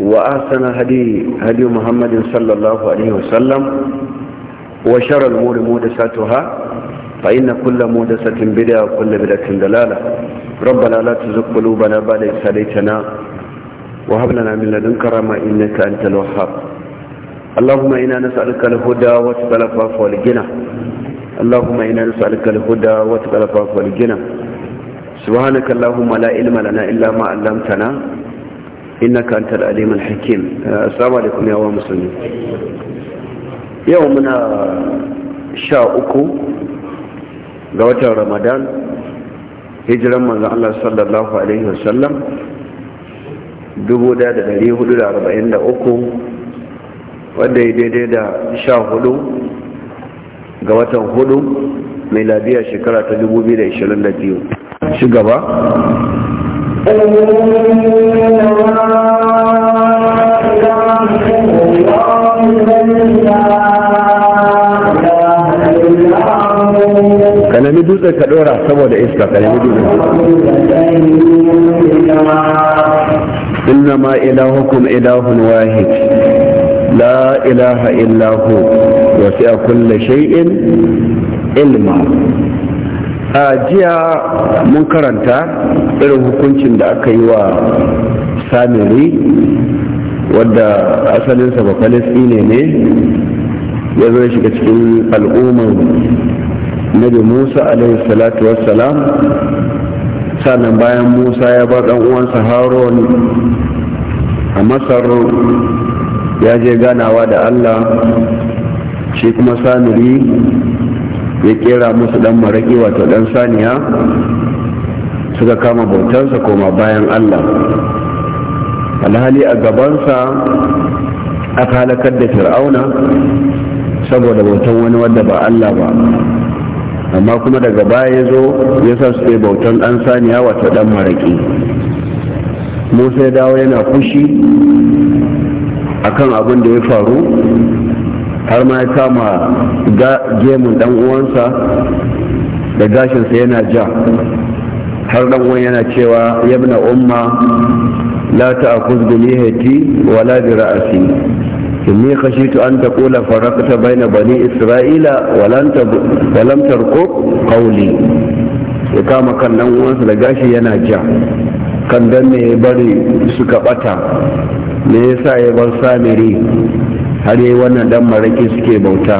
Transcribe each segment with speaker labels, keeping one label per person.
Speaker 1: وأحسن هدي هدي محمد صلى الله عليه وسلم وشر الأمور مودساتها فإن كل مودسة بدعة وكل بدعة دلالة ربنا لا تزغ قلوبنا بعد إذ هديتنا وهب لنا من لدنك رحمة إنك أنت الوهاب اللهم إنا نسألك الهدى واتقى العفاف والغنى اللهم إنا نسألك الهدى واتقى العفاف والغنى سبحانك اللهم لا علم لنا إلا ما علمتنا innaka antal alimul hakim uh, assalamu alaikum ya wa musulmi yau muna sha uku ga watan ramadan hijiran manzan Allah sallallahu alaihi wasallam 1443 wanda ya daidai da sha hudu ga watan hudu mai labiya shekara ta 2022 shugaba ka nemi dutsen ka dora saboda iska ka nemi dutsen inna ma ilahukum ilahun wahid la ilaha illahu wasi'a kulli shay'in ilma a jiya mun karanta irin hukuncin da aka yi wa samiri wadda asalinsa ba palestine ne ya zo shiga cikin al'ummar nabi musa salatu wassalam sannan bayan musa ya ba ɗan uwansa haron a masar ya je ganawa da allah shi kuma samiri ya kera musu dan maraƙi wato dan saniya suka kama bautansa koma bayan allah alhali a gabansa aka halakar da fir'auna saboda bautan wani wadda ba allah ba amma kuma daga baya ya zo ya sa su bautan dan saniya wato dan maraƙi musa ya dawo yana fushi akan abin da ya faru har ma ya kama gemun dan uwansa da gashinsa yana ja har dan uwan yana cewa yabna umma la ta'khudh bi lihati wa la bi ra'si inni khashitu an taqula faraqta bayna bani isra'ila wa lam wa qawli ya kama kan dan uwansa da gashi yana ja kan dan ne bari suka bata me yasa ya bar samiri har yi wannan dan maraki suke bauta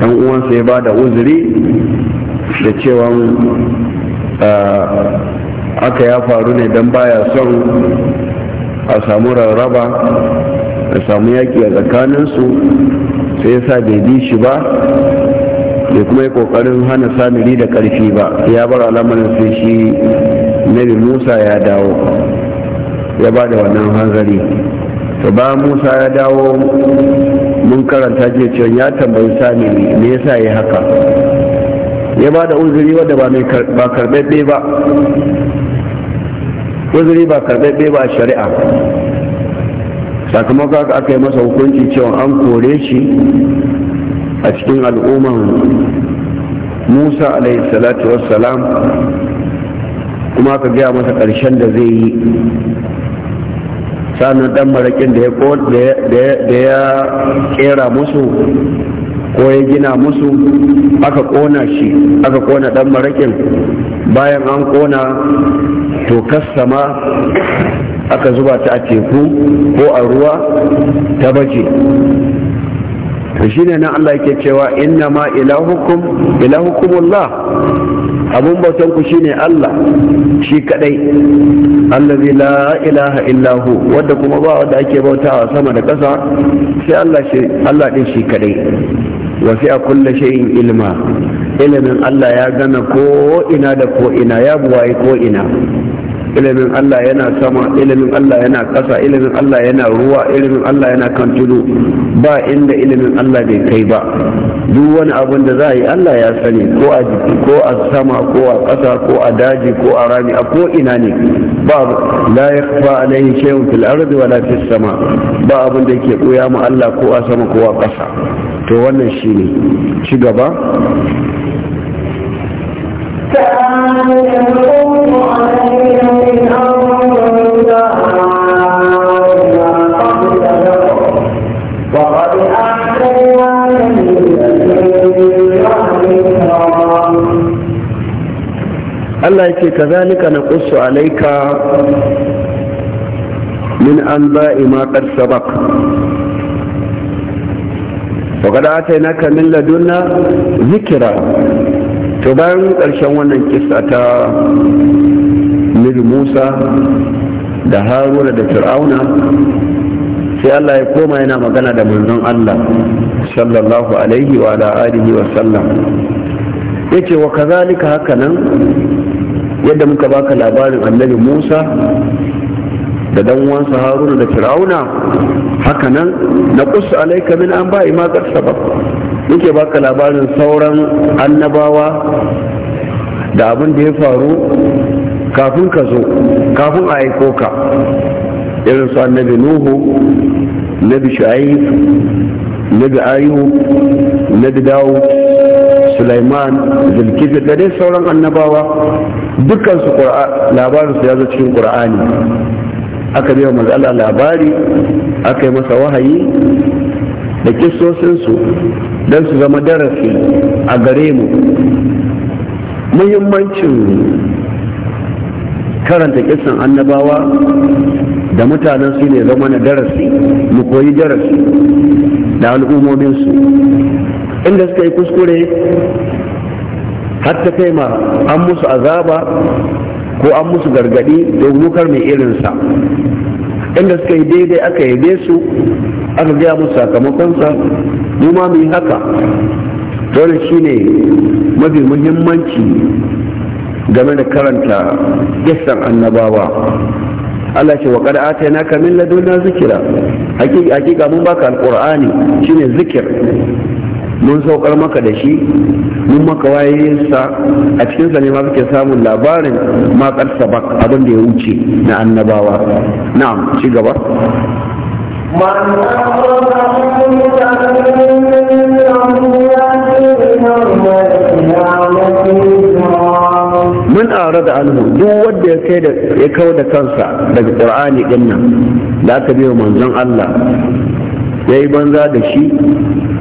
Speaker 1: ɗan uwansa ya ba da uzuri da cewa aka ya faru ne don baya son a samu rarraba a samu yaƙi a tsakaninsu sai ya sa bai bi shi ba bai kuma yi ƙoƙarin hana samiri da ƙarfi ba ya bar al'amarin sai shi nabi musa ya dawo ya ba da wannan hanzari to ba musa ya dawo mun karanta jiya cewa ya tambayi sami me yasa ya haka ya ba da uzuri wadda ba mai ba karbebe ba uzuri ba karbebe ba a shari'a sakamakon haka aka yi masa hukunci cewa an kore shi a cikin al'umman musa alaihi salatu wassalam kuma aka gaya masa ƙarshen da zai yi sanin dan marakin da ya kera musu ko ya gina musu aka kona shi aka kona dan marakin bayan an kona to kassama aka zuba ta a teku ko a ruwa ta baje to shine nan Allah yake cewa inna ma ilahukum ilahukum abun bautan ku shine Allah shi kadai allazi la ilaha illa wanda kuma ba wanda ake bautawa sama da ƙasa sai Allah shi Allah din shi kadai wa fi kulli shay'in ilma ilimin Allah ya gana ko ina da ko ina ya buwaye ko ina ilimin Allah yana sama ilimin Allah yana ƙasa ilimin Allah yana ruwa ilimin Allah yana kan tudu ba inda ilimin Allah bai kai ba duk wani abin da za a yi Allah ya sani ko a jiki ko a sama ko a ƙasa ko a daji ko a rami a ko ina ne ba la yakhfa alayhi shay'un fil ardi wala fis sama ba abin da yake ɓuya mu Allah ko a sama ko a ƙasa to wannan shine shi gaba Allah yake kazalika na kusu alaika min an ba'i ma qad sabaq wa qad atainaka min ladunna zikra to bayan ƙarshen wannan kisa ta mil musa da haruna da fir'auna sai allah ya koma yana magana da manzon allah sallallahu alaihi wa alihi wa sallam ya ce wa kazalika haka nan yadda muka baka labarin annabi musa da dan uwansa haruna da fir'auna haka nan na kusa alaika min an ba ima sabab yake baka labarin sauran annabawa da abin da ya faru kafin ka zo kafin a aiko ka irin su annabi nuhu nabi shu'aib nabi ayub nabi dawud sulaiman zulkifil da dai sauran annabawa dukkan dukansu labarinsu ya zo cikin qur'ani aka biya matsala Allah labari aka yi masa wahayi da kissosinsu don su zama darasi a gare mu muhimmancin karanta kisan annabawa da mutanen su ne zama na darasi mu koyi darasi da al'ummominsu inda suka yi kuskure har ta kai ma an musu azaba ko an musu gargadi don wukar mai irinsa inda suka yi daidai aka yabe su aka gaya musu sakamakonsa mu ma yi haka dole ne mafi muhimmanci game da karanta gistan annabawa Allah ce wa kada ata na kamin na zikira hakika mun baka shi shine zikir mun saukar maka da shi mun maka wayayinsa a cikinsa ne ma suke samun labarin makar sabak abin da ya wuce na annabawa na'am ci gaba Mun a da alhu duk wanda ya kai da ya kawo da kansa daga Qur'ani dinnan da aka biyo manzon Allah ya yi banza da shi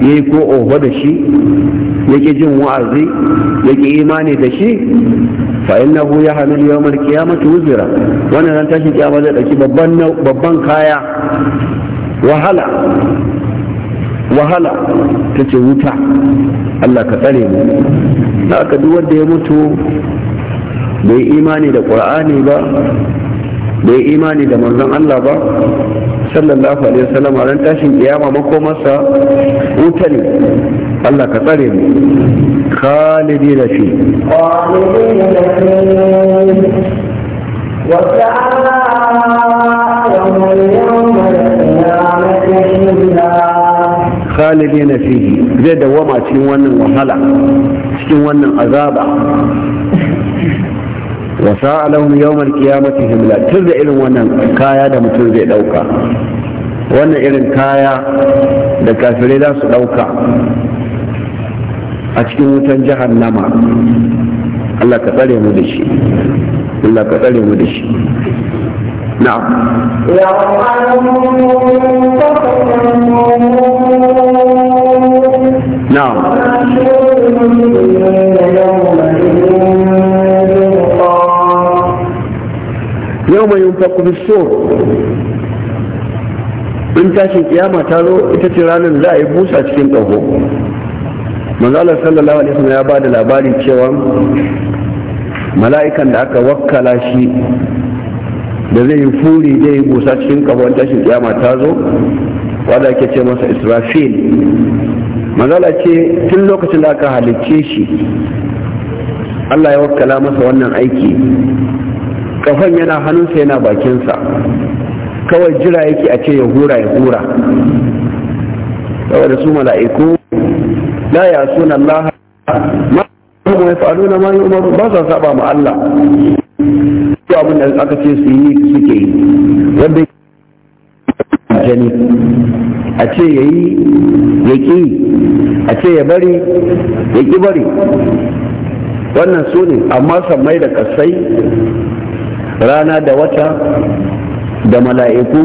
Speaker 1: ya yi ko oho da shi ya ƙi jin wa'azi ya ƙi imani da shi fa innahu ya hamilu yawmal qiyamati wuzira wannan ran tashin kiyama zai dauki babban babban kaya wahala wahala ta ce wuta Allah ka tsare mu haka duk wanda ya mutu bai imani da qur'ani ba bai imani da manzon Allah ba sallallahu alaihi wasallam a ran tashin kiyama makomarsa wuta ne Allah ka tsare mu khalidi da fi khalidi na fi zai dawama cikin wannan wahala cikin wannan azaba wa sa'alahum yawmal qiyamati himla tun da irin wannan kaya da mutum zai dauka wannan irin kaya da kafire za su dauka a cikin wutan jahannama Allah ka tsare mu da shi Allah ka tsare mu da shi na'am na'am yau mai yin fakufi so in tashin kiyama ta zo ita ce ranar za a yi busa cikin ƙaho manzalar sallallahu alaihi wasallam ya ba da labarin cewa mala'ikan da aka wakkala shi da zai yi furi zai yi busa cikin ƙaho in tashin kiyama ta zo wadda ake ce masa israfil manzala ce tun lokacin da aka halicce shi allah ya wakkala masa wannan aiki kafan yana hannunsa yana bakinsa kawai jira yake a ce ya hura ya hura saboda su mala'iku la ya suna Allah ma kuma ya faru na ma umaru ba sa saba ma Allah su abin da aka ce su yi suke yi wanda jani a ce ya yi ya ƙi a ce ya bari ya ƙi bari wannan su ne amma samai da kasai rana da wata da mala'iku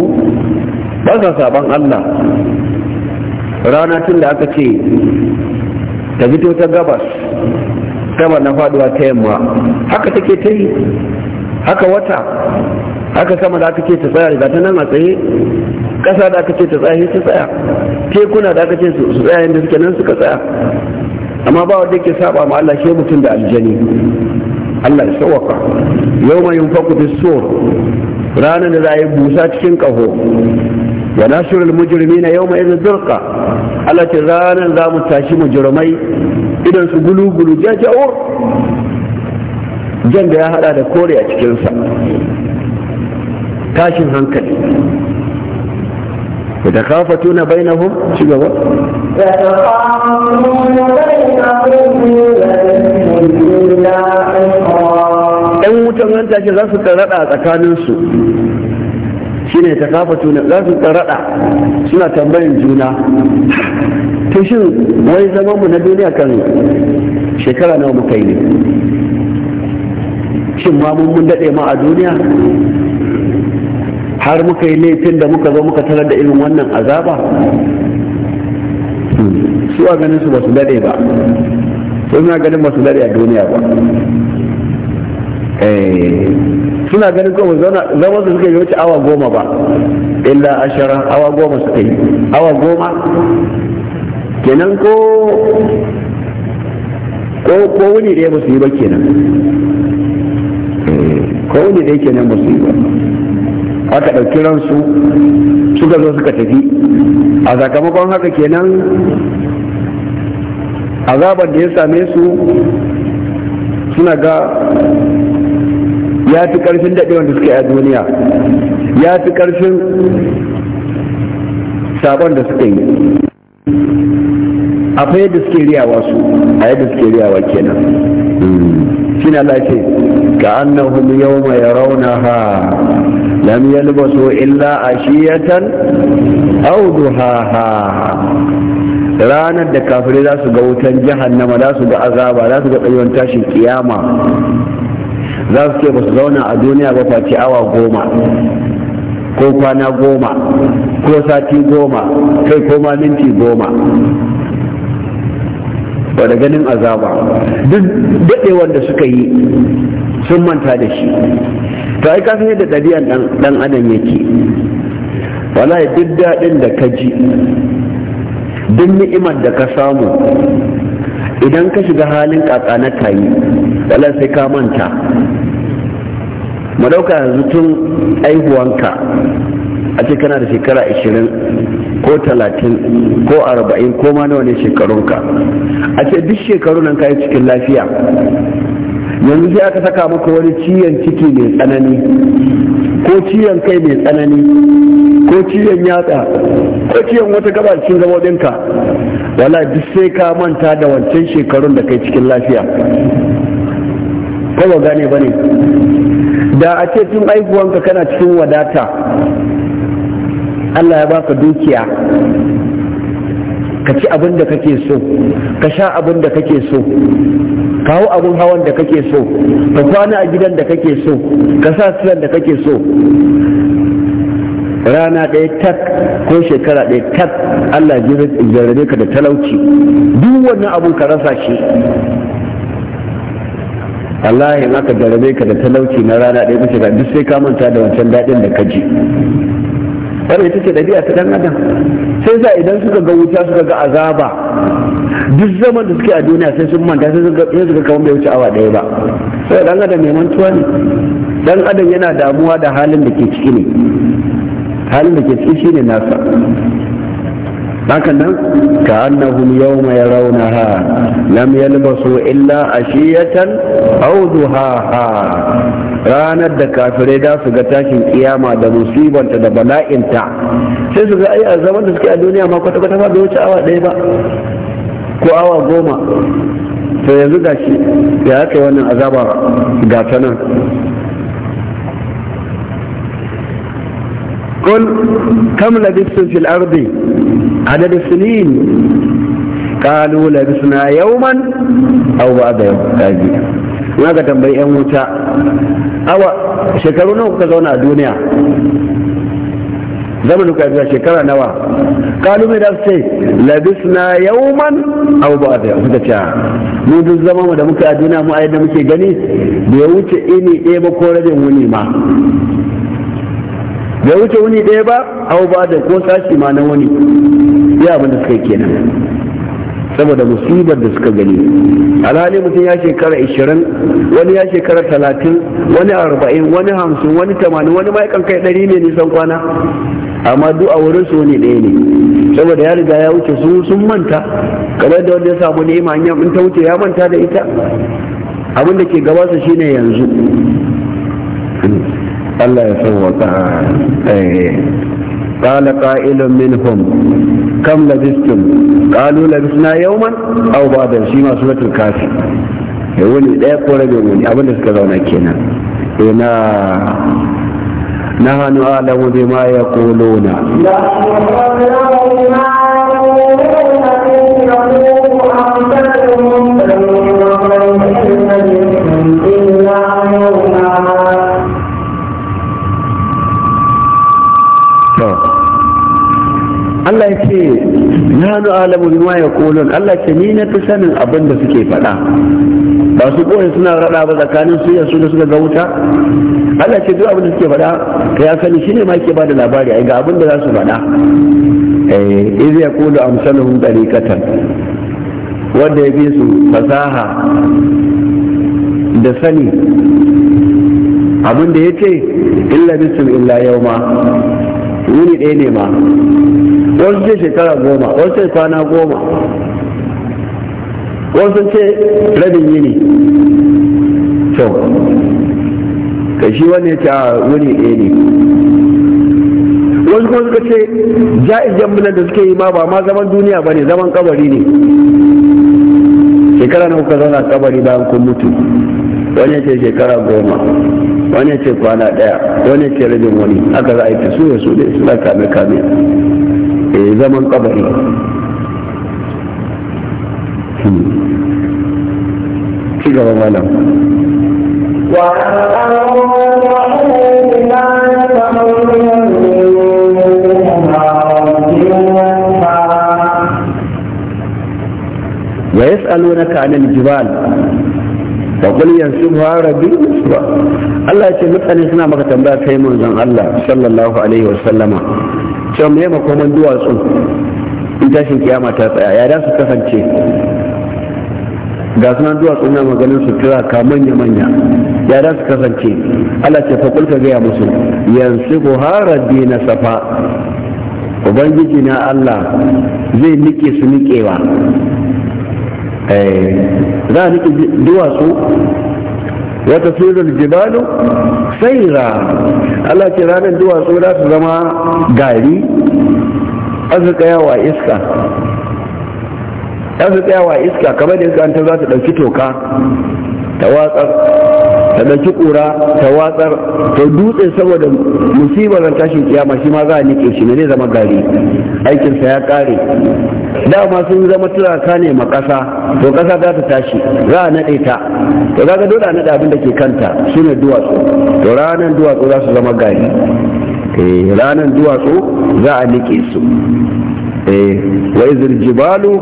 Speaker 1: ba sa saban Allah rana tun da aka ce ta fito ta gabas sama na faduwa ta yamma haka take ta yi haka wata haka sama da aka ce ta tsaya da ta nan a tsaye ƙasa da aka ce ta tsaya ta tsaya tekuna da aka ce su tsaya inda suke nan suka tsaya amma ba wanda ke saba ma Allah shi mutum da aljani Allah ya sauwaka yau mai yin fakutu so ranar da za a yi busa cikin ƙaho wa nasirul mujirmi na yau mai zurka Allah ce ranar za mu tashi mujrimai idan su gulu-gulu jajawar jan da ya hada da kore a cikinsa tashin hankali يتخافتون بينهم شو
Speaker 2: يتخافتون بينهم
Speaker 1: nan take za su karada a tsakaninsu shine ta kafa tuna za su karada suna tambayin juna to shin wai zaman mu na duniya kan shekara nawa muka yi ne shin ma mun mun dade ma a duniya har muka yi laifin da muka zo muka tarar da irin wannan azaba hmm. su a ganin su ba su dade ba su na ganin ba su dade a duniya ba Eh, suna ganin kuma zama su suka yi wuce awa goma ba illa ashara awa goma suka yi awa goma kenan ko ko wuni da ya musu yi ba kenan eh, ko wuni da ya kenan musu yi ba aka ɗauki ransu suka zo suka tafi a sakamakon haka kenan azabar da ya same su suna ga ya fi karfin daɗewan da suka yi a duniya ya fi karfin sabon da suka yi akwai yadda suke riyawa su a yadda suke riyawa kenan shine Allah ce ka annahum yawma yarawnaha lam yalbasu illa ashiyatan aw duhaha ranar da kafirai za su ga wutan jahannama za su ga azaba za su ga tsayuwar tashin kiyama za su ce ba su zauna a duniya ba face awa goma ko kwana goma ko sati goma kai ko ma minti goma ba ganin azaba duk daɗewar da suka yi sun manta da shi to yi kasan yadda ɗabi'an ɗan adam yake wallahi duk daɗin da ka ji duk ni'imar da ka samu idan ka shiga halin na kayi wallan sai ka manta mu ɗauka yanzu tun aihuwanka a ce kana da shekara 20 ko 30 ko 40 ko ma nawa ne shekarunka a ce duk shekaru nan kayi cikin lafiya yanzu sai aka saka maka wani ciyan ciki mai tsanani ko ciyan kai mai tsanani ko ciyan yatsa ko ciyan wata gaba cikin gabobinka wala duk sai ka manta da wancan shekarun da kai cikin lafiya kawo gane ba ne da a ce tun aikuwanka kana cikin wadata allah ya baka dukiya ka ci abin da kake so ka sha abin da kake so kawo abin hawan da kake so ka kwana a gidan da kake so ka sa silan da kake so rana ɗaya tak ko shekara ɗaya tak Allah jarrabe ka da talauci duk wannan abun ka rasa shi Allah in aka jarrabe ka da talauci na rana ɗaya ko shekara duk sai ka manta da wancan daɗin da ka ji wannan ita ce ɗabi'a ta ɗan adam sai sa idan suka ga wuta suka ga azaba duk zaman da suke a duniya sai sun manta sai suka kawo bai wuce awa ɗaya ba sai ɗan adam mai mantuwa ne ɗan adam yana damuwa da halin da ke ciki ne halin da ke ciki ne nasa haka nan ka annahum yawma yarawnaha lam yalbasu illa a ashiyatan aw duhaha ranar da kafirai da su ga tashin kiyama da musibanta da bala'inta sai su ga ai a zaman da suke a duniya ma kwata kwata ba bai wuce awa ɗaya ba ko awa goma to yanzu gashi ya aka yi wannan azaba ga ta nan قل كم لبثتم في الأرض عدد السنين قالوا لبثنا يوما أو بعد يوم كاجي ماذا تنبي أموتا أو شكرنا وكذونا الدنيا زمن كذا شكرا نوا قالوا من نفسي لبثنا يوما أو بعد يوم هذا mu duk zama mu da muka a duniya mu ayyana muke gani da ya wuce ini bai wuce wuni ɗaya ba hau ba da ko sashi ma na wani ya abin da suka kenan saboda musibar da suka gani alhali mutum ya shekara 20 wani ya shekara 30 wani 40 wani 50 wani 80 wani maikan kai 100 ne nisan kwana amma duk a wurin su ne ɗaya ne saboda ya riga ya wuce su sun manta kamar da wanda ya samu ima in ta wuce ya manta da ita abin da ke gabasa shine yanzu الله ya وتعالى قال قائل منهم كم لبستم قالوا لبسنا يوما او بعد شيء ما سوره الكافي يقول ɗaya ko يقول wani abin da suka نحن أعلم بما يقولون نحن
Speaker 3: أعلم بما يقولون
Speaker 1: Allah ya ce na nanu alamu ya kolon Allah ce ni na fi sanin abin da suke faɗa ba su koyi suna rada ba tsakanin su ya su da suka ga wuta Allah ce duk abin da suke faɗa ka ya sani shine ma ke bada labari ai ga abin da za su faɗa eh idza yaqulu amsaluhum tariqatan wanda ya bi su fasaha da sani abin da ya ce illa bisu illa yau ma wuni ɗaya ne ma wasu ce shekara goma wasu ce kwana goma wasu ce rabin yini to ka shi wani ya ce a ah, wuni ɗaya ne wasu kuma suka ce ja'in jambulan da suke yi ma ba ma zaman duniya ba ne zaman kabari ne shekara na kuka zauna kabari bayan kun mutu wani ce shekara goma wani ce kwana ɗaya wani ce rabin wani aka za a yi su da su da su da kame kame zaman kabari ci gaba malam ويسألونك عن الجبال وقل ينسبها ربي نسبا الله يتمتع نسنا مكتبات هيمون زن الله صلى الله عليه وسلم cewa ma makoman duwatsu in tashin kiyama ta tsaya ya da su kasance ga sunan duwatsu na maganin su tura ka manya manya ya da su kasance Allah ce fakul ka gaya musu yansu buharadi na safa ubangiji na Allah zai nike su nikewa eh, za a nike duwatsu ya tafi da jibalu saira Allah ce ranar duwatsu za su zama gari arzikayawa iska arzikayawa iska kamar da iska ta za ta ɗauki toka ta watsar ta ɗauki ƙura ta watsar ta dutse saboda musibar tashin kiyama shi ma za a nike shi ne zai zama gari aikinsa ya ƙare dama sun zama turaka ne ma ƙasa to ƙasa za ta tashi za a naɗe ta to za ka dole a naɗe abin da ke kanta ne duwatsu to ranar duwatsu za su zama gari eh, ranar duwatsu za a nike su Eh, wa'izir jibalu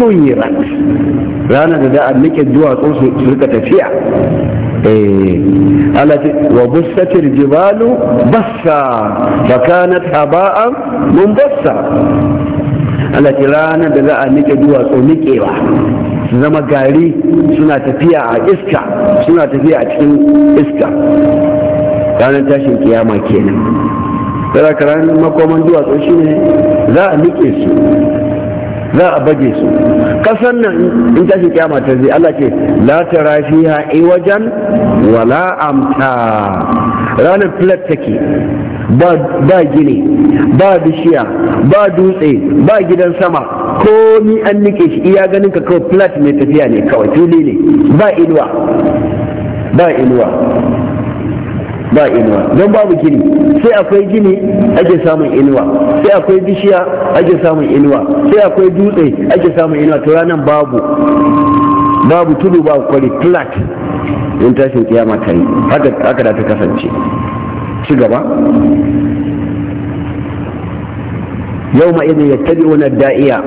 Speaker 1: sun yi Rana da a nike duwatsu su rika tafiya eh, wa bussatil jibalu bassa kanat haba'an mun bassa alati ranar da za a nike duwatsu nikewa su zama gari suna tafiya a iska suna tafiya a cikin iska ranar tashin kiyama kenan sarakaran makoman duwatsu shi za a nike su za a bage su kasan nan in tashi kyama ta zai Allah ce la ha fiha iwajan wala amta ranar flat take ba gini ba bishiya ba dutse ba gidan sama ko ni an nike shi iya ganin ka kawai flat mai tafiya ne kawai fili ne ba inuwa ba inuwa ba inuwa don babu gini sai akwai gini ake samun inuwa sai akwai bishiya ake samun inuwa sai akwai dutse ake samun inuwa to ranar babu babu tudu babu kwari flat in tashin kiyama ta yi haka da ta kasance ci gaba yau ma idan ya tabi wani da'iya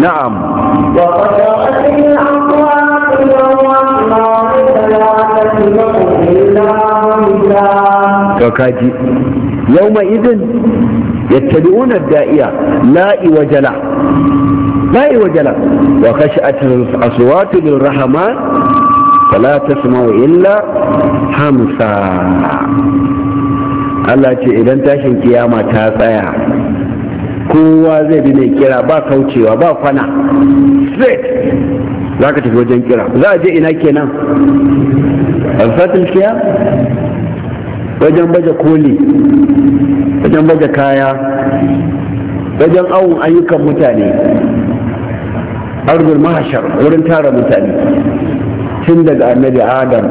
Speaker 1: na'am to kaji yauma idin yattabi'una da'iya la'i wajala la'i wajala wa khashi'at aswatu bil rahman fala tasma'u illa hamsa Allah ce idan tashin kiyama ta tsaya kowa zai bi mai kira ba kaucewa ba fana, straight za ka tafi wajen kira za a je ina kenan alfatin kiya wajen baje koli wajen baje kaya wajen awon ayyukan mutane arzul mahashar wurin tara mutane tun daga annabi adam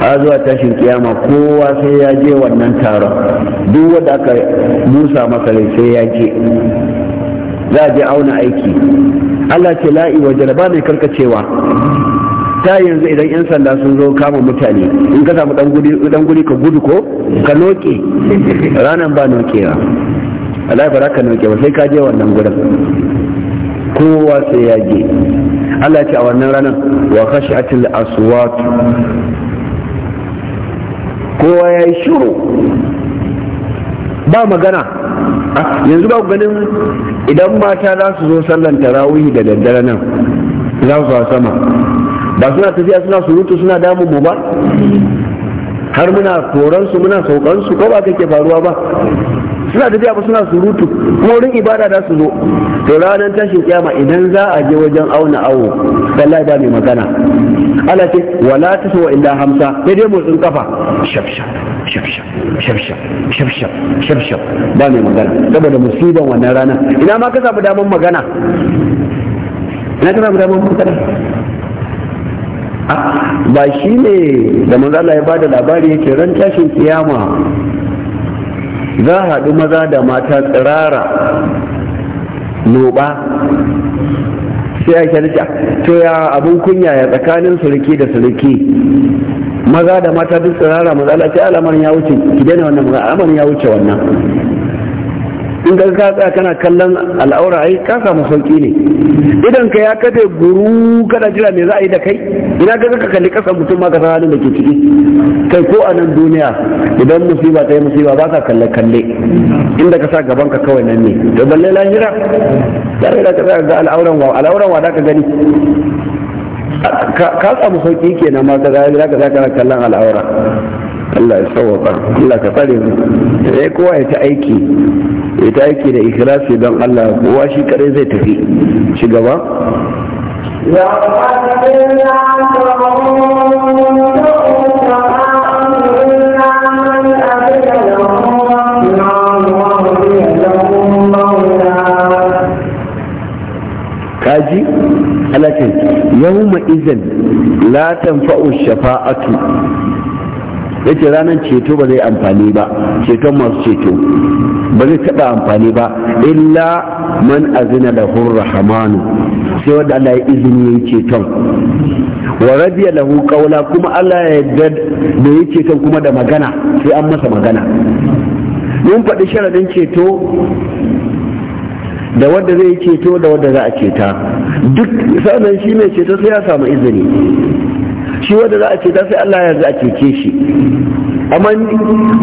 Speaker 1: har zuwa tashin kiyama kowa sai ya je wannan taron duk wanda aka musa masa rai sai ya je za a je auna aiki allah ce la'i wa jalaba mai karkacewa ta yanzu idan 'yan sanda sun zo kama mutane in ka samu dan guri ka gudu ko ka noke ranan ba nokewa ba za ka noke ba sai ka je wannan gurin kowa sai ya je Allah ce a wannan ranar wa khashatil aswat kowa ya yi shiru ba magana yanzu ba ganin idan mata za su zo sallan tarawih da daddare nan za su sama ba suna tafiya suna surutu suna damu mu ba har muna koransu muna saukansu ko ba kake faruwa ba suna tafiya ba suna surutu kuma wurin ibada da su zo to ranar tashin kiyama idan za a je wajen auna awo wallahi ba mai magana Allah ce wala taswa illa hamsa sai dai motsin kafa shafshaf shafshaf shafshaf ba mai magana saboda musiban wannan rana ina ma ka samu magana ina ka samu magana ah, ba shi ne da manzo Allah ya bada labari yake ran tashin kiyama za a haɗu maza da mata tsirara noba sai a kyalita to ya abin kunya ya tsakanin suriki da suriki maza da mata duk tsirara matsala sai alamar ya wuce ki daina wannan al'amarin ya wuce wannan in ka ka tsaya kana kallon al'aura ai ka samu sauki ne idan ka ya kafe guru kada jira me za a yi da kai ina ka ka kalli kasa mutum ma ka san halin da ke ciki kai ko a nan duniya idan musiba ta yi musiba ba ka kalle kalle inda ka sa gaban ka kawai nan ne to balle lahira da ka ga al'auran wa al'auran wa da ka gani ka samu sauki kenan ma ka za ka zaka kallon al'aura Allah ya sauwaka Allah ka tsare mu sai kowa ya ta aiki ya ta aiki da ikhlasi don Allah kowa shi kadai zai tafi ci gaba ya kaji halakin yawma izin la tanfa'u shafa'atu yace ranar ceto ba zai amfani ba ceton masu ceto ba zai taɓa amfani ba illa man azina lahu rahamanu sai wanda Allah ya izini yayi ceton wa radiya lahu qawla kuma Allah ya yarda da yayi ceton kuma da magana sai an masa magana mun faɗi sharadin ceto da wanda zai ceto da wanda za a ceta duk sanan shi mai ceto sai ya samu izini shi wanda za a ceta sai Allah ya za a cece shi amma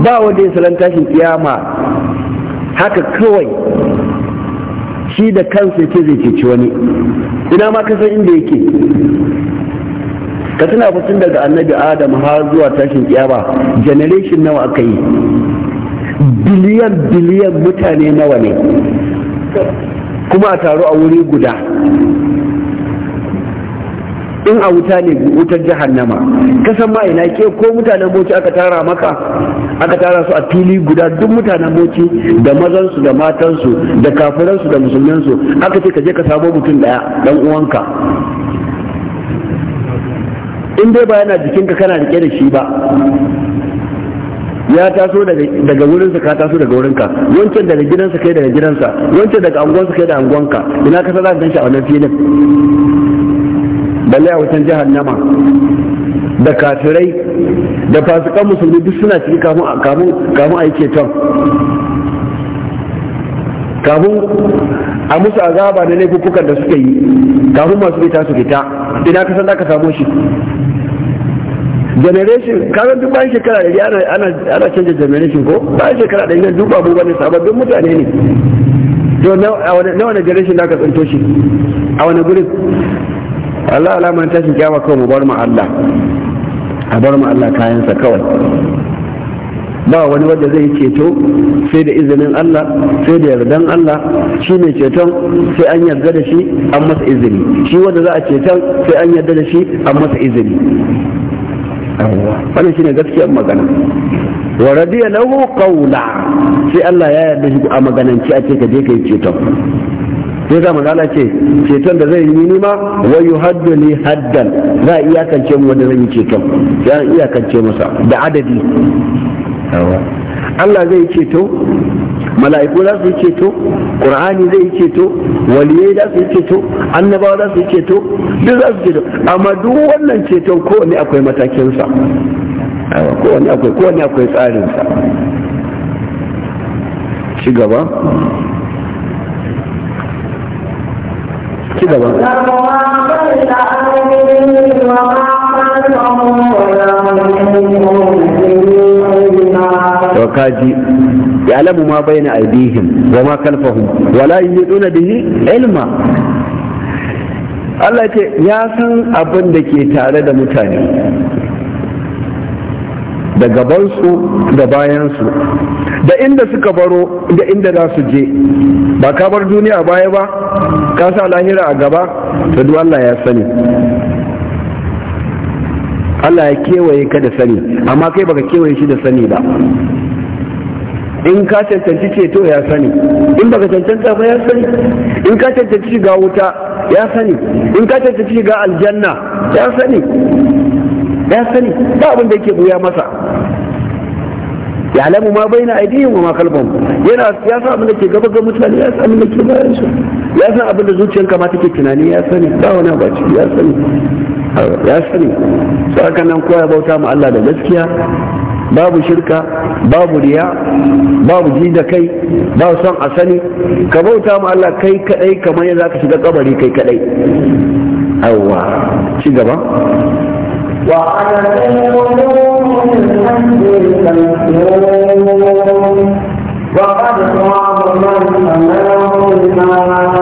Speaker 1: ba wanda ya salan tashin kiyama haka kawai shi da kansa ke zai ceci wani ina ma ka inda yake ka tuna tun daga annabi adam har zuwa tashin kiyama generation nawa aka yi biliyan biliyan mutane nawa ne kuma a taru a wuri guda in a wuta ne wutar jahannama kasan ma ina ke ko mutanen boci aka tara maka aka tara su a fili guda duk mutanen boci da mazansu da matansu da kafiransu da musulmansu aka ce ka je ka samo mutum daya dan uwanka in dai ba yana jikinka kana rike da shi ba ya taso daga wurinsa ka taso daga wurinka wancan daga gidansa kai daga gidansa wancan daga anguwansa kai da anguwanka ina ka za ka shi a wannan filin balle a wutan jahannama da kafirai da fasikan musulmi duk suna cikin kamun a yake ceton kafin a musu azaba na laifukan da suka yi kafin masu fita su fita ina ka san ka samu shi generation kawai duk bayan shekara da ana ana canja generation ko bayan shekara ɗari nan duk babu bane sababbin mutane ne to na wani generation da ka tsanto shi a wani gurin Allah alama ta tashi kyawa kawai mu bar mu Allah a bar mu Allah kayansa kawai ba wani wanda zai ceto sai da izinin Allah sai da yardan Allah shi mai ceton sai an yarda da shi an masa izini shi wanda za a ceton sai an yarda da shi an masa izini
Speaker 3: wannan
Speaker 1: shine gaskiyar magana wa radiya lahu qawla sai Allah ya yarda shi a maganance a ce ka je kai ceton sai za mu ce ceton da zai yi nima wa yuhaddu li haddan za iyakance mu wanda zai yi ceton sai an iyakance masa da adadi Allah zai ceto mala'iku za su yi ceto qur'ani zai yi ceto waliyai za su yi ceto annabawa za su yi ceto duk za su ceto amma duk wannan ceton kowanne akwai matakinsa kowanne akwai kowanne akwai tsarinsa ci gaba ci gaba to kaji ya'lamu ma bayna aydihim wa ma khalfahum wa la yuhituna bihi ilma Allah ce ya san abin da ke tare da mutane da gabansu da bayansu da inda suka baro da inda za su je ba ka bar duniya baya ba ka sa lahira a gaba da duk Allah ya sani Allah ya kewaye ka da sani amma kai baka kewaye shi da sani ba in ka cancanci ceto ya sani in baka cancanta ba ya sani in ka cancanci ga wuta ya sani in ka cancanci ga aljanna ya sani ya sani ba abin da yake buya masa ya'lamu ma bai na aidiyin wa ma yana ya san abin da ke gaba ga mutane ya san abin da ke bayan su ya san abin da zuciyar kama take tunani ya sani ba wani ba ciki ya sani ya sani sai nan koya bauta ma Allah da gaskiya babu shirka babu riya babu ji da kai babu son a sani ka bauta ma Allah kai kadai kamar yadda zaka shiga kabari kai kadai awwa ci gaba wa ana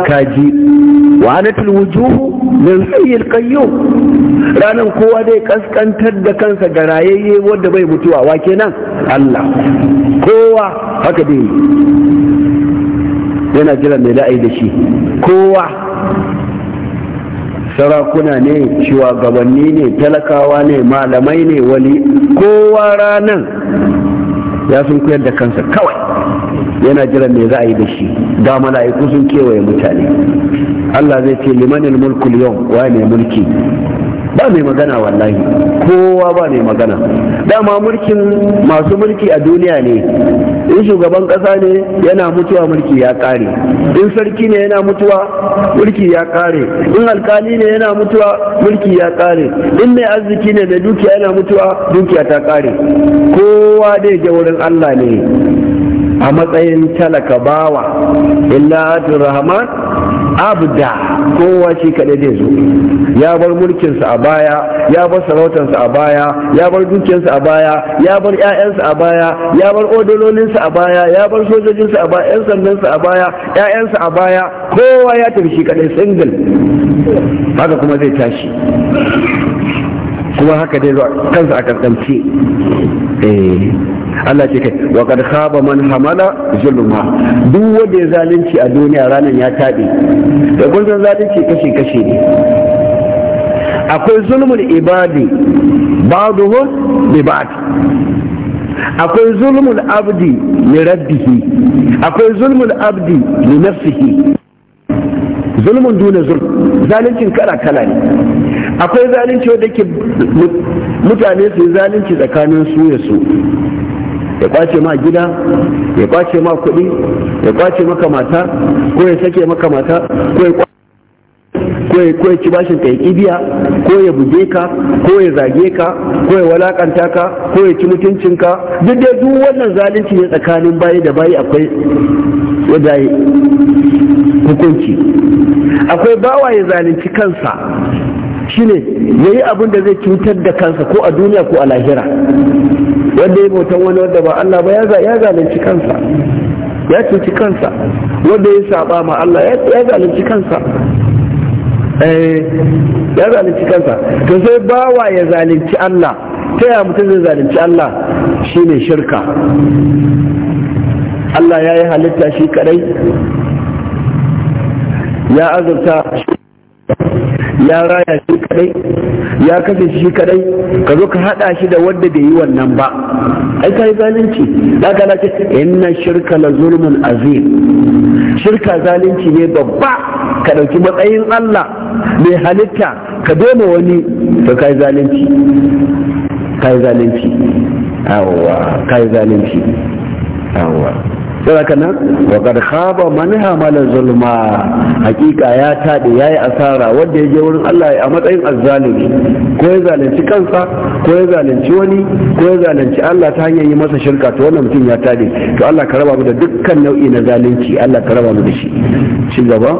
Speaker 1: kaji wa anatul wujuhu min hayyul qayyum ranan kowa zai kaskantar da kansa ga rayayye wanda bai mutuwa wa kenan Allah kowa haka dai yana jira mai la'ayi da shi kowa sarakuna ne shugabanni ne talakawa ne malamai ne wali kowa ranan ya sun koyar da kansa kawai yana jiran me za a yi da shi ga mala'iku sun kewaye mutane Allah zai ce Liman mulku yau wa ne mulki ba mai magana wallahi kowa ba mai magana dama mulkin masu mulki a duniya ne in shugaban kasa ne yana mutuwa mulki ya kare in sarki ne yana mutuwa mulki ya kare in alkali ne yana mutuwa mulki ya kare in mai arziki ne mai dukiya yana mutuwa dukiya ta kare kowa dai wurin allah ne a matsayin talaka bawa illa rahman abda kowa shi kaɗai zai zo ya bar mulkinsa a baya ya bar sarautarsa a baya ya bar dukiyarsa a baya ya bar 'ya'yansa a baya ya bar odololinsa a baya ya bar sojojinsa a baya 'yan sandansa a baya 'ya'yansa a baya kowa ya tafi shi kaɗai single haka kuma zai tashi kuma haka dai zuwa kansa a kaskance eh, Allah ce kai wa kad khaba man hamala zulma duk wanda ya zalunci a duniya ranan ya tabe da kun zalunci kashi kashi ne akwai zulmul ibadi ba'duhum bi ba'd akwai zulmul abdi li rabbihi akwai zulmul abdi li nafsihi zulmun duna zulm zalincin kala kala ne akwai zalunci wanda ke mutane su zalunci tsakanin su ya su ya kwace ma gida ya kwace ma kuɗi ya kwace maka mata ko ya sake maka mata ko ya ko ya ci bashin ka ya ko ya buge ka ko ya zage ka ko ya walakanta ka ko ya ci mutuncin ka duk dai duk wannan zalunci ne tsakanin bayi da bayi akwai wadai hukunci akwai bawa ya zalunci kansa shine ya yi abin da zai cutar da kansa ko a duniya ko a lahira wanda ya bautan wani wanda ba Allah ba ya zalunci kansa ya cuci kansa wanda ya saba ma Allah ya zalunci kansa eh, ya zalunci kansa to sai bawa ya zalunci Allah ta yaya mutum zai zalunci Allah shine shirka Allah ya yi halitta shi kadai ya azurta ya raya shi kadai ya kashe shi kadai ka zo ka hada shi da wanda bai yi wannan ba ai kai zalunci da ka lace inna shirka la zulmun azim shirka zalunci ne babba ka dauki matsayin Allah mai halitta ka doma wani to kai zalunci kai zalunci awwa kai zalunci awwa ka nan wa qad khaba man zulma hakika ya ya yayi asara wanda ya je wurin Allah a matsayin azzalimi ko ya zalunci kansa ko ya zalunci wani ko ya zalunci Allah ta hanyar yi masa shirka to wannan mutum ya tade to Allah ka raba mu da dukkan nau'i na zalunci Allah ka raba mu da shi ci gaba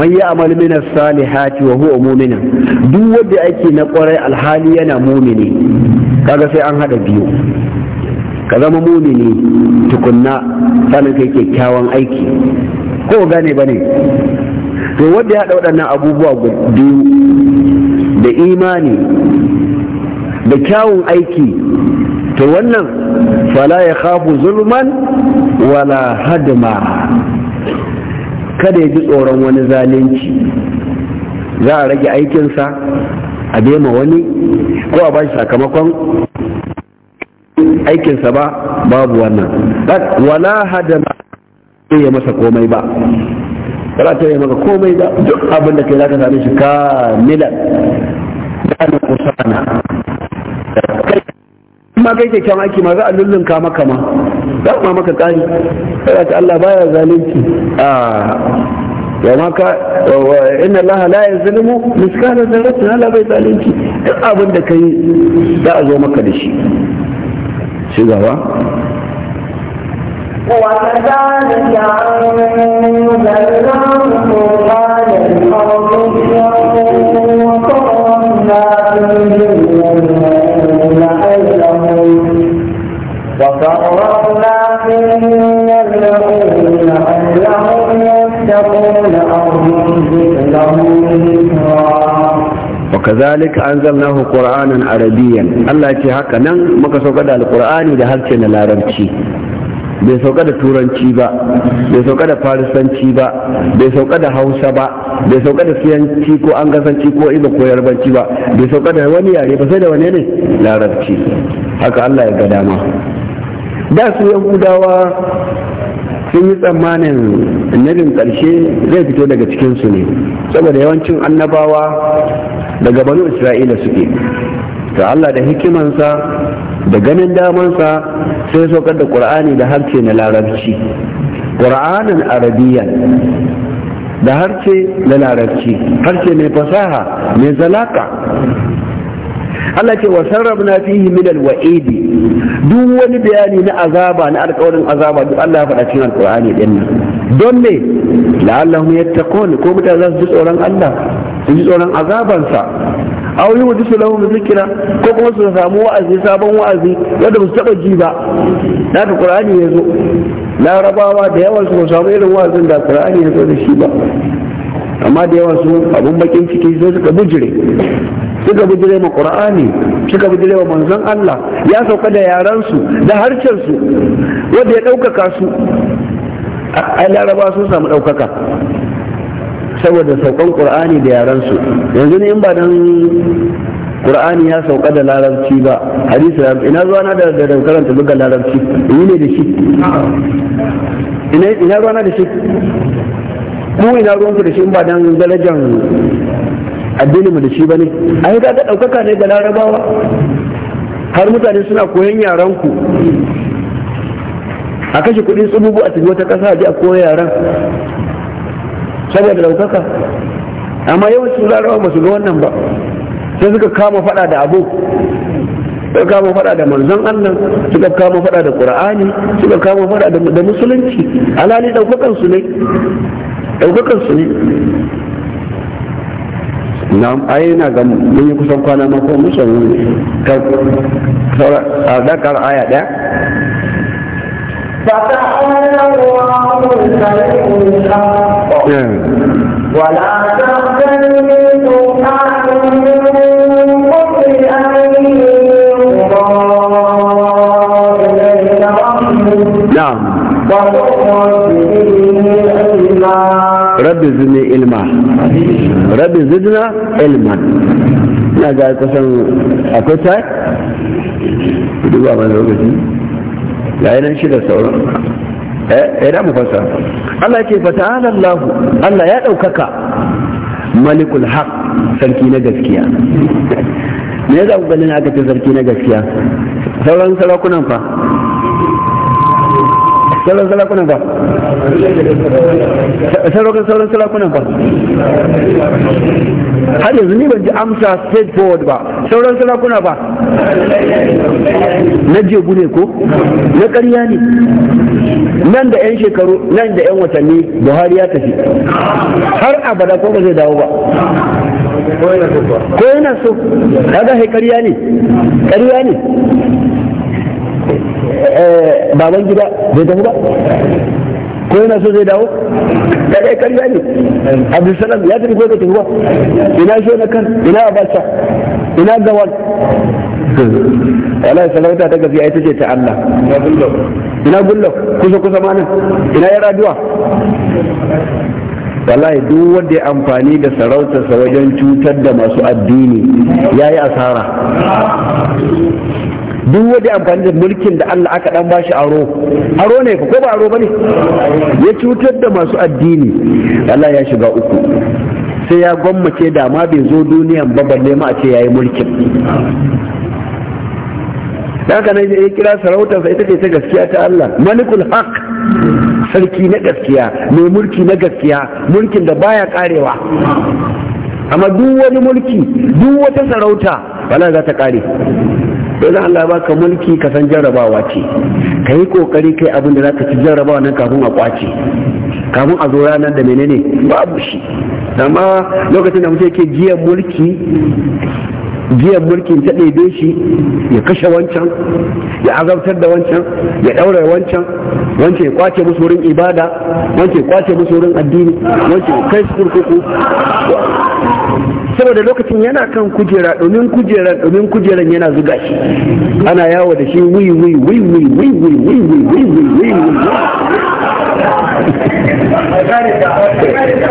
Speaker 1: man ya amal min salihati wa huwa mu'min duk wanda ake na kwarai alhali yana mumini kaga sai an hada biyu ka zama mumini tukunna sanin kai kyakkyawan aiki ko gane bane to wanda ya waɗannan abubuwa biyu da imani da kyawun aiki to wannan fala ya khafu zulman wala hadma kada ya ji tsoron wani zalunci za a rage aikinsa a bema wani ko a ba shi sakamakon aikinsa ba babu wannan wala hadama ya masa komai ba ba ta yi maka komai ba duk abin da kai za ka same shi kamilan da na kusana da ma kai kyakkyawan aiki ma za a lullunka maka ma za ma maka ƙari sai ta Allah baya zalunci a wa maka inna allaha la yazlimu miskala dharratin ala bai zalunci duk abin da kai za a zo maka da shi shi gaba
Speaker 2: وكذلك أنزلناه قرآنا عربيا وفرغنا فيهن الذين لعلهم يتقون أرجو لهم
Speaker 1: وكذلك أنزلناه قرآنا عربيا الله يتي هكا نن مكا العربي bai sauka da turanci ba bai sauka da farisanci ba bai sauka da hausa ba bai sauka da siyanci ko an gasanci ko iba ko yarbanci ba bai sauka da wani yare ba sai da wani ne larabci haka Allah ya ga dama da su yahudawa sun yi tsammanin nabin ƙarshe zai fito daga cikinsu ne saboda yawancin annabawa daga banu isra'ila suke ta allah da hikimansa da ganin damansa sai saukar da ƙur'ani da harshe na larabci ƙur'anin arabiyan da harshe na larabci harshe mai fasaha mai zalaka Allah ce wa sarrafna fihi min al-wa'id duk wani bayani na azaba na alƙawarin azaba duk Allah ya faɗa cikin alƙur'ani din nan don me la'allahum yattaqun ko mutane za su ji tsoron Allah su ji tsoron azabansa aw yi lahum zikira ko kuma su samu wa'azi sabon wa'azi wanda ba su taba ji ba da ka ya zo larabawa da yawan su ba samu irin wa'azin da qur'ani ya zo da shi ba amma da yawan su abun bakin ciki sai suka bujire suka bijire ma qur'ani suka bijire ma manzon Allah ya sauka da yaran su da harshen su wanda ya ɗaukaka su a laraba sun samu ɗaukaka saboda saukan qur'ani da yaran su yanzu ne in ba dan qur'ani ya sauka da larabci ba hadisi ina zuwa na da da karanta buga larabci ni ne da shi ina ina zuwa na da shi Ku ina ruwan ku da shi in ba dan darajar addinin mu da shi bane ai ga ga daukaka ne ga larabawa har mutane suna koyon yaran ku a kashe kudin tsububu a cikin wata kasa a ji a koya yaran saboda daukaka amma yawancin larabawa ba su ga wannan ba sai suka kama fada da abu suka kama fada da manzon Allah suka kama fada da Qur'ani suka kama fada da musulunci alali daukakan su ne daukakan su ne na ai na ga mun yi kusan kwana ma ko mun san ka a dakar aya daya rabbi zini ilma rabbi zidna ilma na ga kusan akwai ta duba mana lokaci yayin nan shi da sauran eh da mu fasa Allah ce fata Allah Allah ya daukaka malikul haq sarki na gaskiya me yasa ku ganin aka ce sarki na gaskiya sauran sarakunan fa sauran sarakunan ba sauran sauran sarakunan ba har yanzu ni ban ji amsa straight forward ba sauran salakuna ba na jebu ne ko na ƙarya ne nan da 'yan shekaru nan da 'yan watanni buhari ya tafi har abada ko ba zai dawo ba ko yana so kaga hai ƙarya ne ƙarya ne Eh, baban gida bai tafi ba ko yana so zai dawo da dai karya ne abdulsalam ya tafi ko tafi ba ina shi na kan ina abacha ina gawan wala salauta ta gaskiya ita ce ta Allah ina gullo kusa kusa ma nan ina ya raduwa wallahi duk wanda ya amfani da sarautarsa wajen cutar da masu addini ya yi asara duk wanda amfani da mulkin da Allah aka dan bashi aro aro ne ko ba aro bane ya cutar da masu addini Allah ya shiga uku sai ya gwammace da ma bai zo duniyan ba balle ma a ce yayi mulkin haka nan ya kira sarautarsa ita ce ta gaskiya ta Allah malikul haq sarki na gaskiya mai mulki na gaskiya mulkin da baya karewa amma duk wani mulki duk wata sarauta wala za ta kare don Allah ba ka mulki ka san jarrabawa ce ka yi kokari kai abin da za ka ci jarrabawa nan kafin a kwace kafin a zo ranar da menene babu shi amma lokacin da mutum yake jiyan mulki jiyan mulki ta ɗebe shi ya kashe wancan ya azabtar da wancan ya ɗaura wancan wancan ya kwace musu wurin ibada wancan ya kwace musu wurin addini wancan ya kai su kurkuku saboda lokacin yana kan kujera domin kujeran domin kujeran yana zuga shi ana yawo da shi wi wi wi wi wi wi wi wi wi wi wi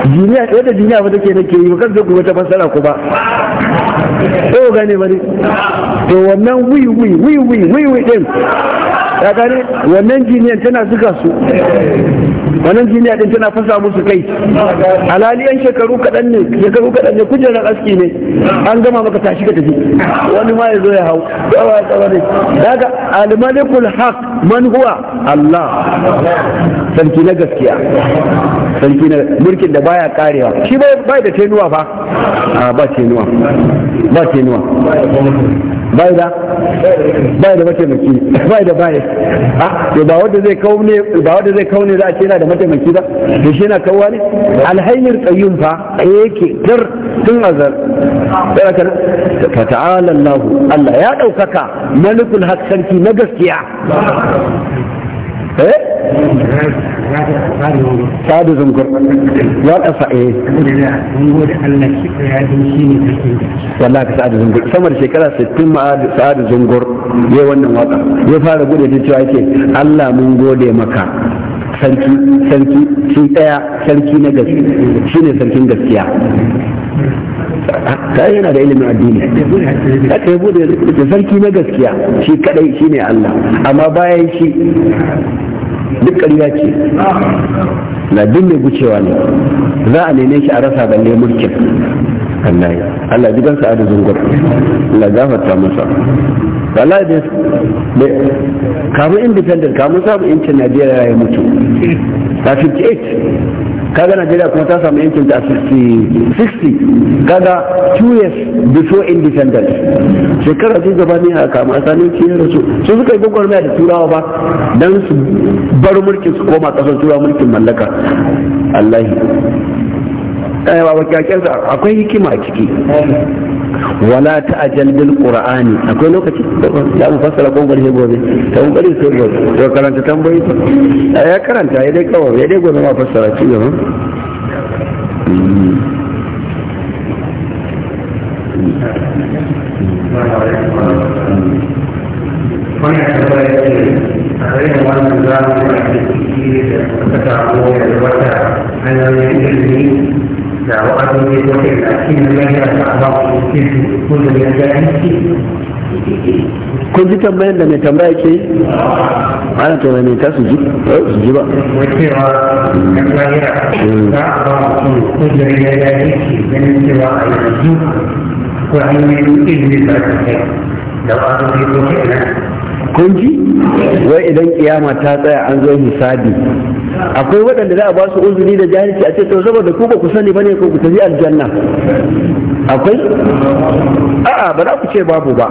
Speaker 1: duniya ɗaya da duniya ba take nake yi kan zai kuma fassara ku ba ko gane bari to wannan wi wi wi wi wi wi din ya gane wannan jiniyan tana zuga su wannan jiniya din tana fasa musu kai alaliyan shekaru kaɗan ne shekaru kaɗan ne kujerar aski ne an gama maka tashi ka tafi wani ma ya zo ya hau tsawa tsawa ne daga almalikul haq man huwa Allah sarki na gaskiya sarki na mulkin da baya karewa shi bai da tenuwa fa ah, ba tenuwa ba tenuwa bai da bai da mataimaki bai da bai a to ba wanda zai kawo ne ba wanda zai kawo ne za a ce yana da mataimaki ba to shi yana kawo ne alhayyul qayyum fa yake tar tun azar saboda fa ta'ala Allah Allah ya daukaka malikul haq na gaskiya eh sadu zungur ya kasa eh wallahi ka sadu zungur samar shekara 60 ma sadu zungur yayi wannan waka ya fara gode da cewa yake Allah mun gode maka sarki sarki shi daya sarki na gaske shine sarkin gaskiya ta yana da ilimin addini aka yabo da sarki na gaskiya shi kadai shine Allah amma bayan shi duk ƙarya ce na duk mai gucewa ne za a neme shi a rasa da ne mulkin Allah Allah ji gansa da zungur Allah gafarta masa wallahi da kamun independent kamun samun incin Najeriya ya mutu 58 kaga najeriya kuma ta samu yankin ta 60 kaga two years before independence shekara ce ne a kama a sanin ciyar da su su suka yi gwagwarmaya da turawa ba don su bar mulkin su koma kasar turawa mulkin mallaka allahi ɗaya ba kyakkyar akwai hikima a ciki wala ta'jal bil qur'ani akwai lokaci da mu fassara ko gobe gobe ta mu bari sai gobe to karanta tambayi eh, ya karanta ya dai kawai ya dai gobe ma fassara ci gaba
Speaker 2: wannan a
Speaker 1: kun ji tambayar da mai tambaya ke ana tambaya mai tasu ji eh, su ji ba kun ji wai idan kiyama ta tsaya an zo hisabi akwai waɗanda za a ba su uzuri da jahilci a ce to saboda ku ba ku sani bane ko ku tafi aljanna akwai a'a ba za ku ce babu ba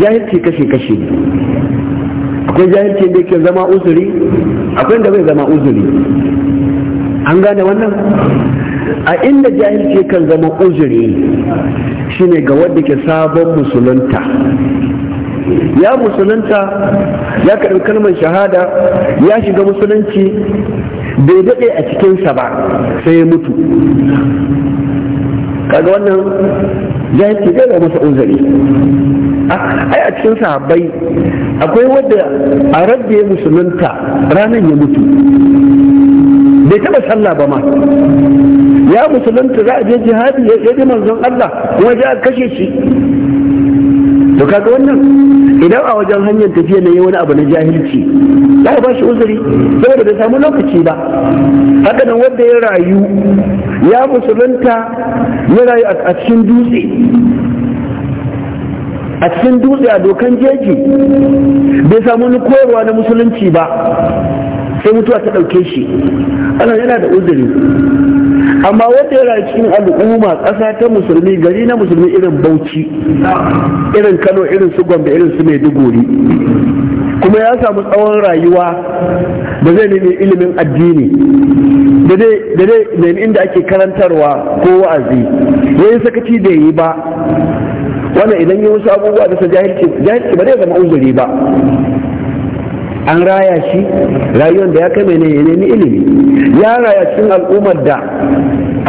Speaker 1: jahilci kashe kashe akwai jahilci da yake zama uzuri akwai da bai zama uzuri an gane wannan a inda jahilci kan zama uzuri shine ga wanda ke sabon musulunta ya musulunta ya karɓi kalmar shahada ya shiga musulunci bai daɗe a cikinsa ba sai ya mutu kaga wannan jahilci zai ga masa uzuri ai a cikin sahabbai akwai wadda a rabbe ya musulunta ranar ya mutu bai taba sallah ba ma ya musulunta za a je jihadi ya je manzon Allah kuma ya kashe shi to kaga wannan idan a wajen hanyar tafiya ne wani abu na jahilci za a shi uzuri saboda bai samu lokaci ba haka nan wanda ya rayu ya musulunta ya rayu a cikin dutse a cikin dutse a dokan jeji bai samu wani koyarwa na musulunci ba sai mutuwa ta ɗauke shi ana yana da uzuri amma wanda yana cikin al'umma ƙasa ta musulmi gari na musulmi irin bauchi irin kano irin su gombe irin su maiduguri kuma ya samu tsawon rayuwa da zai nemi ilimin addini da zai nemi inda ake karantarwa ko wa'azi ya yi sakaci da yi ba wannan idan yi wasu abubuwa da su jahilci ba zai zama uzuri ba an raya shi rayuwar da ya kai mai ne ya nemi ilimi ya raya cikin al'ummar da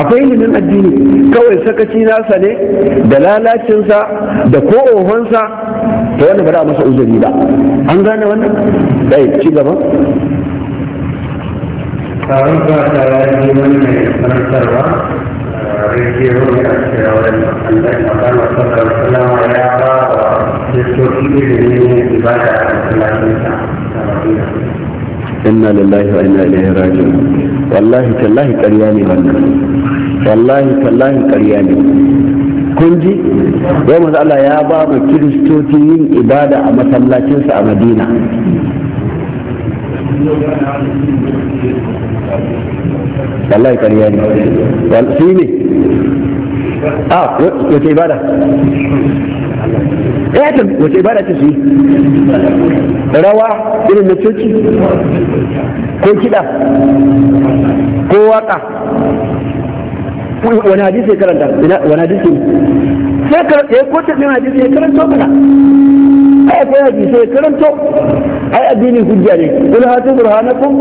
Speaker 1: akwai ilimin addini kawai sakaci nasa ne da lalacinsa da ko ohonsa ta Wani ba a masa uzuri ba an gane wannan dai ci gaba taron ba ta yi wannan karantarwa
Speaker 2: eh, rikiyo ya ce a wani Allah ya ba masa ya ba wa
Speaker 3: jistoki ilimin ibada a masalacinsa
Speaker 1: inna lillahi wa inna ilaihi raji'un wallahi tallahi ƙarya ne wannan wallahi tallahi ƙarya ne kun ji yau masu Allah ya ba mu kiristoci yin ibada a masallacinsa a madina wallahi ƙarya ne su ne a ah, wace ibada ayatul wace ibada ta shi rawa irin na coci ko kiɗa ko waka wani hadisi ya karanta wani hadisi sai karanta ya kota ɗin hadisi ya karanto mana ai akwai hadisi ya karanto ai addinin hujja ne kul hatu burhanakum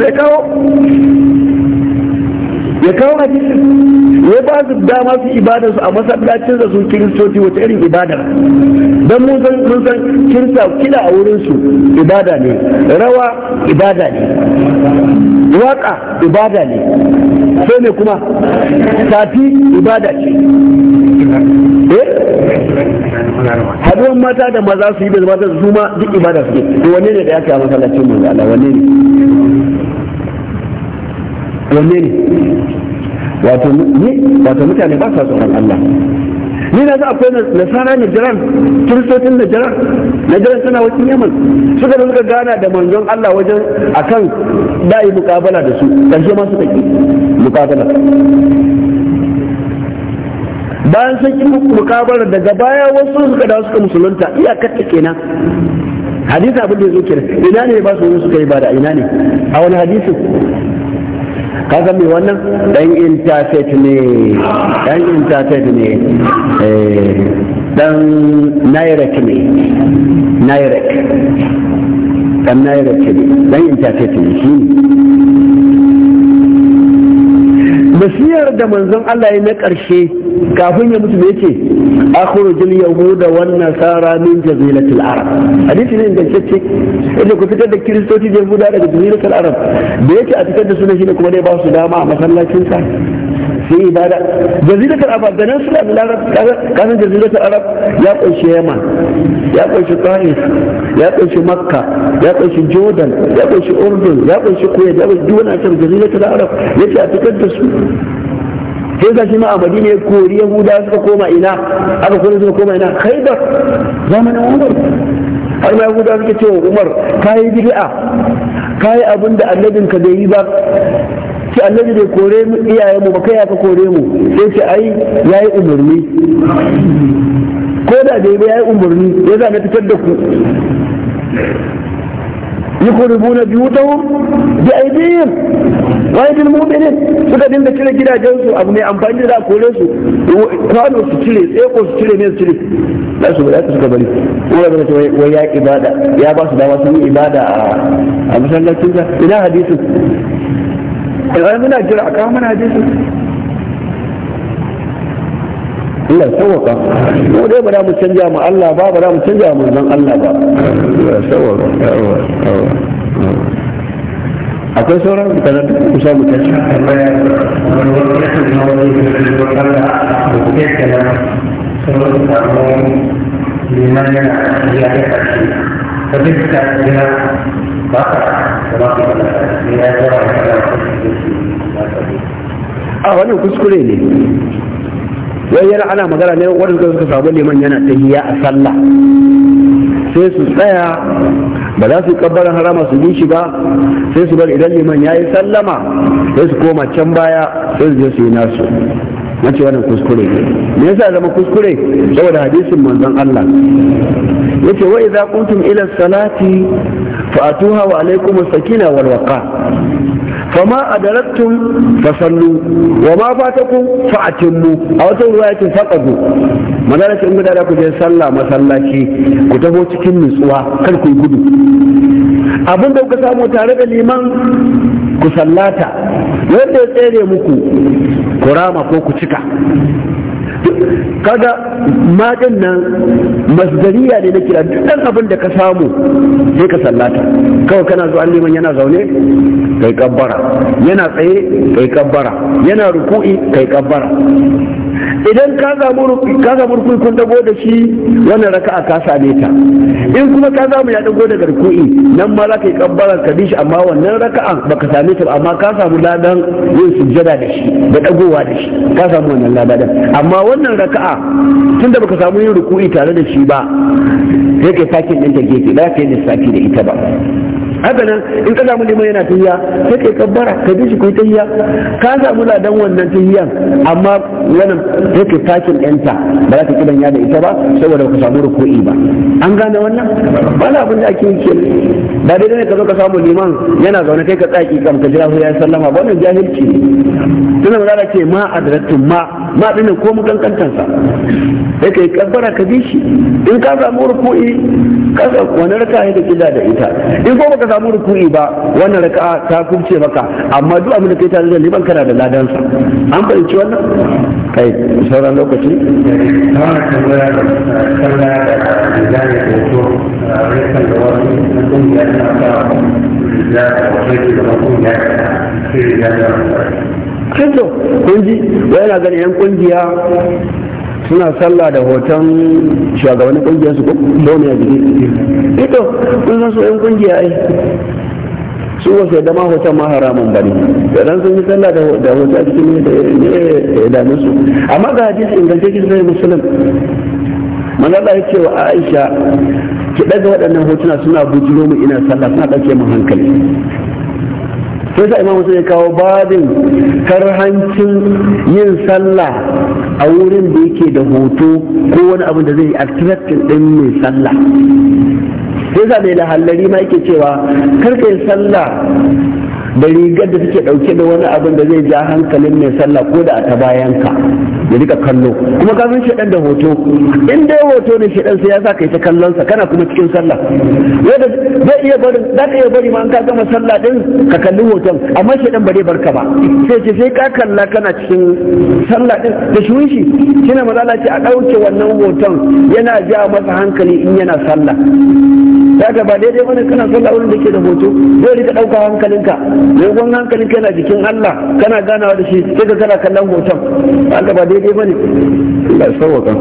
Speaker 1: sai kawo ya kawo cikin ya ba su dama su ibadar su a masallacin da su kiristoci wata irin ibadar don mun san mun san kirista kila a wurin su ibada ne rawa ibada ne waka ibada ne sai ne kuma tafi ibada ce eh haduwan mata da maza su yi da mata su ma duk ibada suke to wanne ne da ya kai a mu da Allah wanne ne wanne ne wato mutane ba sa tsoron Allah ni na za akwai nasara jiran kiristocin na jiran suna wakin yaman suka suka gana da manzon Allah wajen akan da'i mukabala da su karshe ma suka ki mukabala bayan sun ki mukabala daga baya wasu suka da suka musulunta iyakar ta kenan hadisi abin da ya zo kenan ina ne ba su suka yi ba da ina ne a wani hadisi. kaga mai wannan dan intercept ne dan intercept ne eh, dan nairek ne nairek dan nairek ne dan intercept ne shi ne nasiyar da manzon Allah ya na ƙarshe kafin ya mutu yace akhrijul yahuda wannan nasara min jazilatil arab hadisi ne ingantacce yadda ku fitar da kiristoci da daga jazilatil arab da yake a fitar da shi ne kuma dai ba su dama a masallacin sa sai ibada jaziratul arab ganin suna da larab kasan jaziratul arab ya kunshi yaman ya kunshi taif ya kunshi makka ya kunshi jordan ya kunshi urdun ya kunshi kuwait ya kunshi duk wani asar jaziratul arab yace a fitar da su sai ga shi ma a madina ya kori yahuda suka koma ina aka kori suka koma ina khaibar zamanin umar har ma yahuda suka ce wa umar kayi bid'a kayi abin da annabinka bai yi ba ce annabi bai kore mu iyayen mu ba kai aka kore mu sai ce ai yayi umurni ko da bai ba yayi umurni ya za na fitar da ku yukuribuna biyutahum bi aydihim wa aydil mu'minin suka dinga cire gidajen su abu mai amfani da kore su kwano su cire tseko su cire ne su cire da su su ka bari kuma ga cewa wai ya ibada ya ba su dama sun yi ibada a masallacin sa ina hadisin ai muna jira a kawo mana hadisi Allah sawaka mu dai ba za mu canja mu Allah ba ba za mu canja mu zan Allah ba akwai sauran mutane da
Speaker 2: ta duk
Speaker 1: ba a wannan kuskure ne wai yana ana magana ne wanda suka samu liman yana ta hiya a sallah sai su tsaya ba za su kabbaran harama su bi shi ba sai su bar idan liman ya yi sallama sai su koma can baya sai su je su yi nasu wace wannan kuskure me yasa zama kuskure saboda hadisin manzon Allah yace wa idza qumtum ila salati fa atuha wa alaykum as-sakina wal waqa fama adarattum fasallu wa ma fatakum fa'atimmu a wata riwayatin faqadu magana ce in da ku je sallah masallaci ku taho cikin nutsuwa kar ku gudu abin da kuka samu tare da liman ku sallata wanda ya tsere muku ku rama ko ku cika kaga maɗin nan masdariya ne na kira duk ɗan abin da ka samu sai ka sallata kawai kana zuwa liman yana zaune kai kabbara yana tsaye kai kabbara yana ruku'i kai kabbara idan ka samu ruku'i kun dago da shi wannan raka'a ka same ta in kuma ka samu ya dago daga rukui nan ma za ka yi kabbara ka bi shi amma wannan raka'a baka same ta amma ka samu ladan yin sujjada da shi da dagowa da shi ka samu wannan ladan amma wannan raka'a tunda baka samu yin ruku'i tare da shi ba sai kai ɗin ɗinta gefe ba ka yi lissafi da ita ba haka nan in ka samu liman yana tahiya sai ka kabbara ka bi shi kai tahiya ka samu ladan wannan tahiya amma wannan sai kai fakin ɗinta ba za ka kidan ya da ita ba saboda baka samu ruku'i ba an gane wannan ba na abin da ake yi ba dai ne ka zo ka samu liman yana zaune kai ka tsaki kam ka jira ya sallama ba wannan jahilci ne tunan ma adratun ma ma dinin ko muka kankantansa sai kai kabbara ka bi shi in ka samu ruku'i ka wani raka ya kida da ita in ko baka samu ruku'i ba wannan raka ta kubce maka amma duk abin da kai ta zai liban kana da ladansa an fahimci wannan kai sauran lokaci da kanto kun ji wa yana ganin yan kungiya suna sallah da hoton shugabannin kungiyar su ne ya jiki kanto kun san su yan kungiya ai su ba su dama hoton ma haramun bane idan sun yi sallah da hoton a cikin ne da su amma ga hadisi ingantacce sai musulun manzala ya ce wa aisha ki daga waɗannan hotuna suna bujiro mu ina sallah suna ɗauke mu hankali sai sa imamu sai kawo babin karhancin yin sallah a wurin da yake da hoto ko wani abu da zai attracting din mai sallah sai sa mai lahallari ma yake cewa karka sallah da rigar da suke dauke da wani abin da zai ja hankalin mai sallah ko da ta bayan ka ya rika kallo kuma ka san shedan da hoto in dai hoto ne shedan sai ya sa kai ta kallon sa kana kuma cikin sallah wanda zai iya bari za ka iya bari ma an ka gama sallah din ka kalli hoton amma shedan ba zai barka ba sai ce sai ka kalla kana cikin sallah din da shi shine maza ce a dauke wannan hoton yana ja masa hankali in yana sallah daga ba daidai bane kana sallah wurin da ke da hoto zai rika ɗauka hankalinka mai gwan hankalinka yana jikin Allah kana ganawa da shi sai ka kana kallon hoton haka ba daidai bane Allah ya sauwaka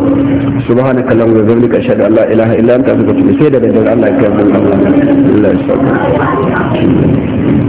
Speaker 1: subhanaka allahumma wa bihamdika ashhadu an la ilaha illa anta astaghfiruka wa atubu sai da daidai Allah ya kai mu Allah ya sauwaka